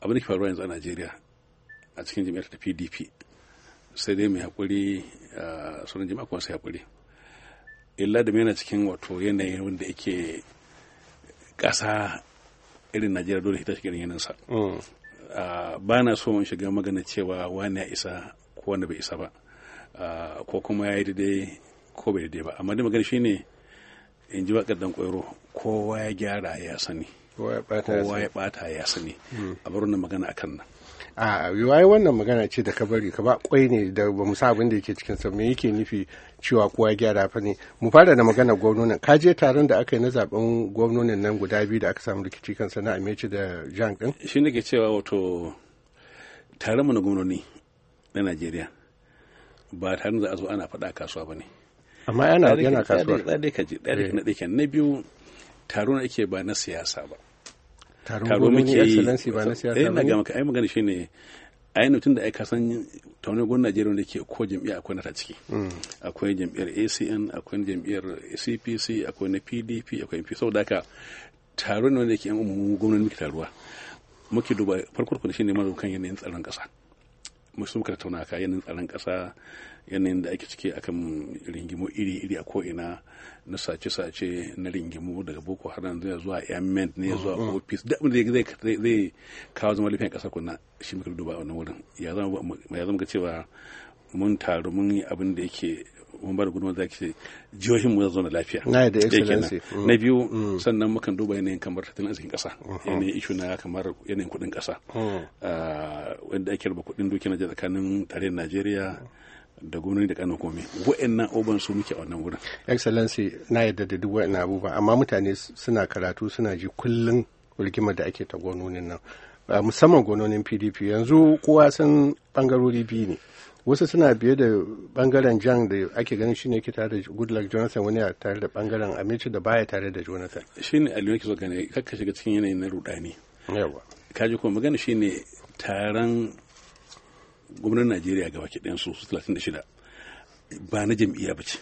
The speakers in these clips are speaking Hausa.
abin da ke faruwa yanzu a najeriya a cikin jami'ar ta pdp sai dai mai haƙuri sunan jami'a kuma sai haƙuri illa da yana cikin wato yanayin wanda yake ƙasa irin najeriya dole ta shiga sa. Mm. ba na so in shiga magana cewa wani ya isa ko wanda bai isa ba ko kuma ya yi daidai ko bai daidai ba amma da magana shine in ji waƙar dan kowa ya gyara ya sani kowa ya bata ya sani a bar wannan magana akan nan a yiwuwa wannan magana ce da ka bari ka ba kwai ne da ba mu sa abin da yake cikin sa me yake nufi cewa kowa gyara fa ne mu fara da magana gwamnonin ka je taron da aka yi na zaben gwamnonin nan guda biyu da aka samu rikici kansa na ameci da jan din shi ke cewa wato taron mu na gwamnoni na Najeriya ba taron za a zo ana faɗa kasuwa ba ne amma yana yana kasuwa ɗaya ka ji ɗaya ɗaya na biyu taron ake ba na siyasa ba taro muke yi ba na eh, na ai magana shine ai mutum da ai ka san taunin gwamnan Najeriya wanda ke ko jami'a akwai na ta ciki mm. akwai jami'ar ACN akwai jami'ar CPC akwai na PDP akwai MP saboda haka taro ne wanda yake mu gwamnati muke taruwa muke duba farko da shine mazo kan yanayin tsaron kasa musu taunaka ka yanayin tsaron ƙasa yanayin da ake ciki akan ringimu iri-iri a ko'ina na sace-sace na ringimu daga boko haram zuwa zuwa airmen ne zuwa mm-hmm. ofis da abin da zai kawo zama lafiyar kasa kuna shi muka duba a wannan wurin ya zama ga cewa mun taru mun yi abin da yake mun bar gudunar za ki jihohin mu zauna lafiya na excellency mm. na biyu mm. sannan mukan duba yanayin kamar tattalin arzikin kasa uh-huh. yanayin ishu na kamar yanayin kudin kasa mm. ah, wanda ake raba kudin doki na tsakanin tarayyar najeriya da gwamnati da kanin komai na oban su muke a wannan wurin excellency na yadda da duk wa'annan abubuwa amma mutane suna karatu suna ji kullum rigimar da ake ta gwamnonin nan Uh, musamman gononin pdp yanzu kowa sun bangarori biyu ne wasu suna biye da bangaren jan da ake ganin shi ne ke tare da goodluck jonathan wani a tare da bangaren aminci da baya tare da jonathan shi ne aliyu ke so kakka shiga cikin yanayi na rudani yawa kaji kuma magana shi ne taron gwamnan najeriya ga baki ɗansu 36 ba na jam'iyya ba ce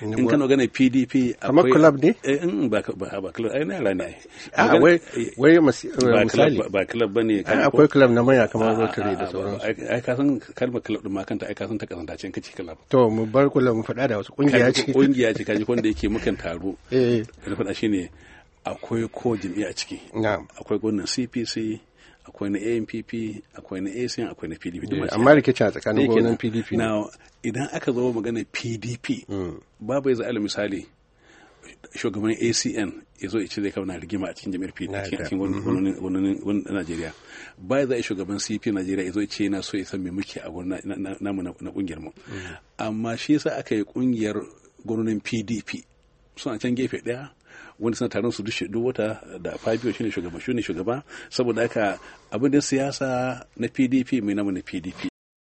in kana gane pdp kamar club ne eh, in ba ba club ai na ne a ah, wai eh, wai eh, misali ba club bane akwai club na maya kamar rotary da sauran ai ka san kalma club din ma kanta ai ka san ta kazanta cikin in kace club to mu bar club mu faɗa da wasu kungiya ce kungiya ce kaji wanda yake mukan taro eh da faɗa shine akwai ko jami'a ciki akwai gwamnatin cpc akwai na ANPP akwai na ASN akwai na PDP eh, amma rikicin a tsakanin gwamnan PDP na idan aka zo magana PDP hmm. babu ya za'ala misali shugaban ACN ya zo ya ce zai kawo na rigima a cikin jami'ar PDP a cikin na mm-hmm. Najeriya ba ya zai shugaban CP Najeriya ya zo ya ce yana so ya san me muke a namu na kungiyar mu mm. amma shi yasa aka yi kungiyar gwamnonin PDP suna can gefe daya Wani suna taron su duk wata da fabio shine shugaba shine shugaba saboda haka abin da siyasa na pdp mai namu na pdp